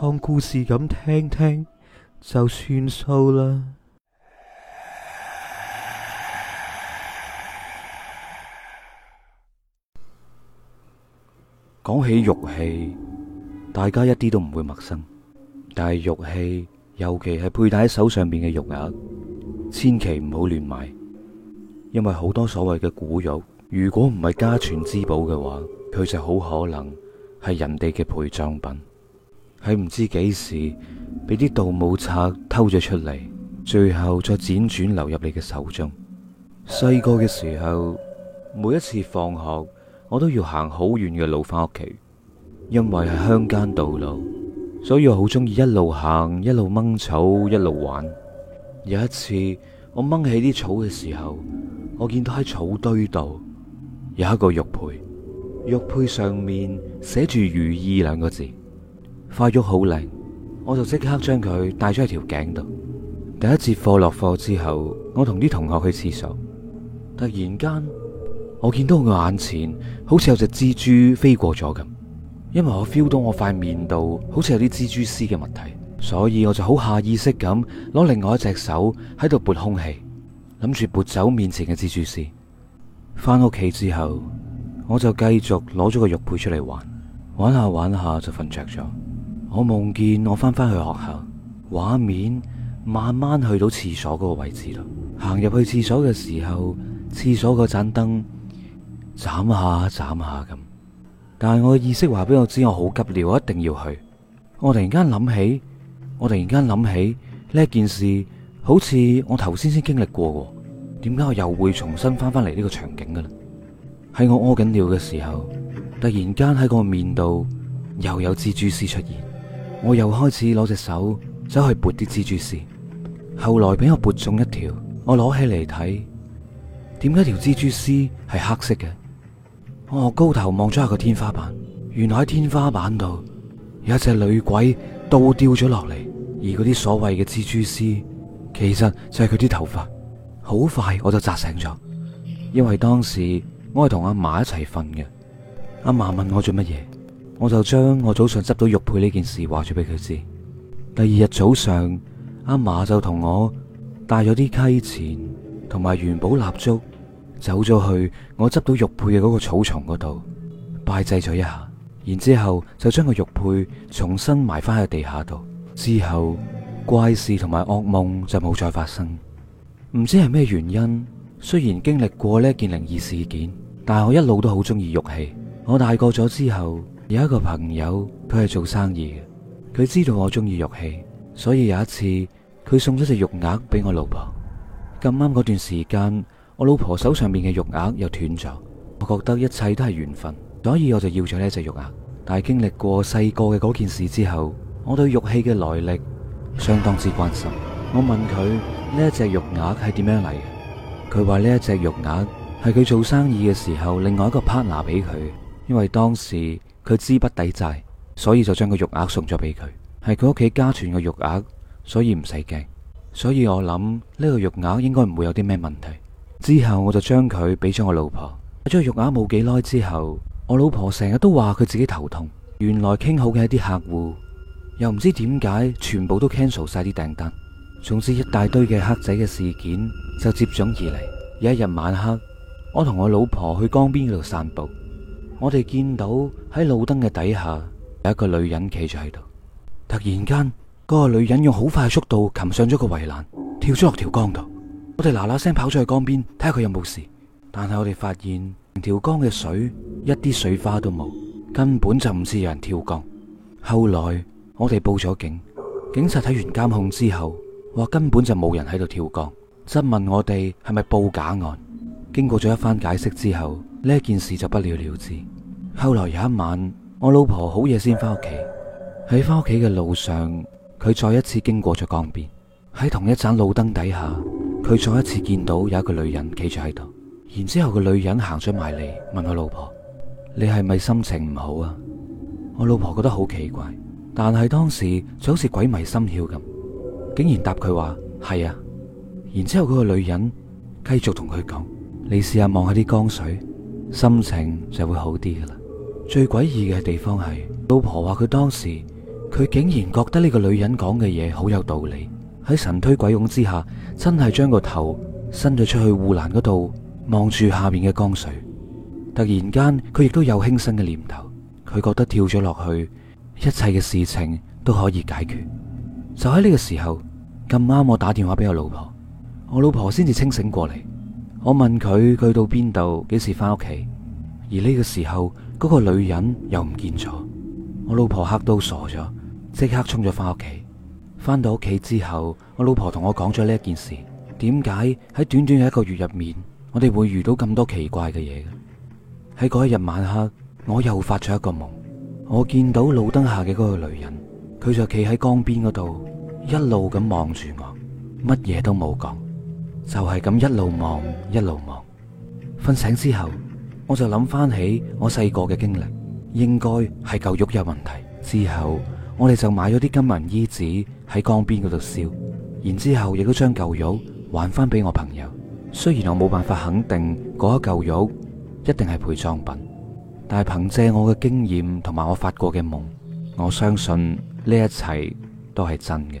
當故事咁聽聽就算數啦。講起玉器，大家一啲都唔會陌生。但係玉器，尤其係佩戴喺手上邊嘅玉鐲，千祈唔好亂買，因為好多所謂嘅古玉，如果唔係家傳之寶嘅話，佢就好可能係人哋嘅陪葬品。係唔知幾時，俾啲盜墓賊偷咗出嚟，最後再輾轉流入你嘅手中。細個嘅時候，每一次放學，我都要行好遠嘅路翻屋企，因為係鄉間道路，所以我好中意一路行，一路掹草，一路玩。有一次，我掹起啲草嘅時候，我見到喺草堆度有一個玉佩，玉佩上面寫住「如意」兩個字。塊玉好靚，我就即刻將佢戴咗喺條頸度。第一節課落課之後，我同啲同學去廁所，突然間我見到我眼前好似有隻蜘蛛飛過咗咁，因為我 feel 到我塊面度好似有啲蜘蛛絲嘅物體，所以我就好下意識咁攞另外一隻手喺度撥空氣，諗住撥走面前嘅蜘蛛絲。翻屋企之後，我就繼續攞咗個玉佩出嚟玩，玩下玩下就瞓着咗。我夢見我翻返去學校，畫面慢慢去到廁所嗰個位置啦。行入去廁所嘅時候，廁所嗰盞燈眨下眨下咁。但係我意識話俾我知，我好急尿，我一定要去。我突然間諗起，我突然間諗起呢一件事，好似我頭先先經歷過嘅，點解我又會重新翻返嚟呢個場景嘅咧？喺我屙緊尿嘅時候，突然間喺個面度又有蜘蛛絲出現。我又開始攞隻手走去撥啲蜘蛛絲，後來俾我撥中一條，我攞起嚟睇，點解條蜘蛛絲係黑色嘅？我高頭望咗下個天花板，原來喺天花板度有一隻女鬼倒吊咗落嚟，而嗰啲所謂嘅蜘蛛絲，其實就係佢啲頭髮。好快我就扎醒咗，因為當時我係同阿嫲一齊瞓嘅，阿嫲問我做乜嘢。我就將我早上執到玉佩呢件事話咗俾佢知。第二日早上，阿嫲就同我帶咗啲溪錢同埋元寶蠟燭走咗去我執到玉佩嘅嗰個草叢嗰度拜祭咗一下，然之後就將個玉佩重新埋翻喺地下度。之後怪事同埋噩夢就冇再發生。唔知係咩原因，雖然經歷過呢件靈異事件，但係我一路都好中意玉器。我大個咗之後，有一個朋友，佢係做生意嘅，佢知道我中意玉器，所以有一次佢送咗隻玉鈪俾我老婆。咁啱嗰段時間，我老婆手上邊嘅玉鈪又斷咗，我覺得一切都係緣分，所以我就要咗呢一隻玉鈪。但係經歷過細個嘅嗰件事之後，我對玉器嘅來歷相當之關心。我問佢呢一隻玉鈪係點樣嚟嘅？佢話呢一隻玉鈪係佢做生意嘅時候另外一個 partner 俾佢，因為當時。佢資不抵債，所以就將個玉鐲，送咗俾佢，係佢屋企家傳嘅玉鐲，所以唔使驚。所以我諗呢個玉鐲應該唔會有啲咩問題。之後我就將佢俾咗我老婆。買咗玉鐲冇幾耐之後，我老婆成日都話佢自己頭痛。原來傾好嘅一啲客戶，又唔知點解全部都 cancel 晒啲訂單，總之，一大堆嘅黑仔嘅事件就接踵而嚟。有一日晚黑，我同我老婆去江邊度散步。我哋見到喺路燈嘅底下有一個女人企住喺度，突然間嗰個女人用好快嘅速度擒上咗個圍欄，跳咗落條江度。我哋嗱嗱聲跑出去江邊睇下佢有冇事，但係我哋發現條江嘅水一啲水花都冇，根本就唔似有人跳江。後來我哋報咗警，警察睇完監控之後話根本就冇人喺度跳江，質問我哋係咪報假案？經過咗一番解釋之後，呢件事就不了了之。後來有一晚，我老婆好夜先翻屋企。喺翻屋企嘅路上，佢再一次經過咗江邊。喺同一盞路燈底下，佢再一次見到有一個女人企住喺度。然之後個女人行咗埋嚟，問我老婆：你係咪心情唔好啊？我老婆覺得好奇怪，但係當時就好似鬼迷心竅咁，竟然答佢話係啊。然之後嗰個女人繼續同佢講：你試下望下啲江水。心情就會好啲嘅啦。最詭異嘅地方係，老婆話佢當時，佢竟然覺得呢個女人講嘅嘢，好有道理。喺神推鬼擁之下，真係將個頭伸咗出去護欄嗰度，望住下面嘅江水。突然間，佢亦都有輕生嘅念頭。佢覺得跳咗落去，一切嘅事情都可以解決。就喺呢個時候，咁啱我打電話俾我老婆，我老婆先至清醒過嚟。我問佢去到邊度，幾時翻屋企？而呢個時候，嗰個女人又唔見咗。我老婆吓到傻咗，即刻沖咗翻屋企。翻到屋企之後，我老婆同我講咗呢一件事。點解喺短短嘅一個月入面，我哋會遇到咁多奇怪嘅嘢？喺嗰一日晚黑，我又發咗一個夢。我見到路燈下嘅嗰個女人，佢就企喺江邊嗰度，一路咁望住我，乜嘢都冇講。就係咁一路望一路望，瞓醒之後我就諗翻起我細個嘅經歷，應該係舊玉有問題。之後我哋就買咗啲金銀衣紙喺江邊嗰度燒，然之後亦都將舊玉還翻俾我朋友。雖然我冇辦法肯定嗰一舊玉一定係陪葬品，但係憑借我嘅經驗同埋我發過嘅夢，我相信呢一切都係真嘅。